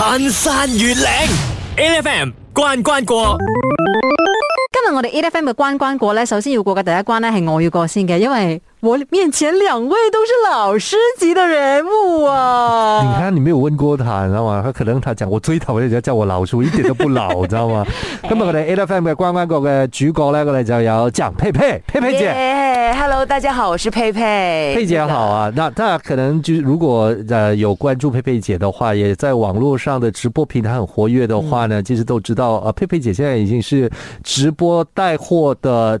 翻山越嶺，8FM 關關過。今日我哋 8FM 嘅關關過呢，首先要過嘅第一關呢，係我要過先嘅，因為，我面前兩位都是老師級的人物啊、嗯！你看，你沒有問過他，你知道嗎？他可能他講，我最討厭人家叫我老師，我一點都不老，你 知道嗎？今日可能 8FM 嘅關關過嘅主角咧，我哋就有蔣珮珮、珮珮姐。Yeah, hello，大家好，我是珮珮珮姐，好啊。那那可能就是如果呃有關注珮珮姐的話，也在網絡上的直播平台很活躍的話呢、嗯，其實都知道啊、呃。珮珮姐現在已經是直播帶貨的。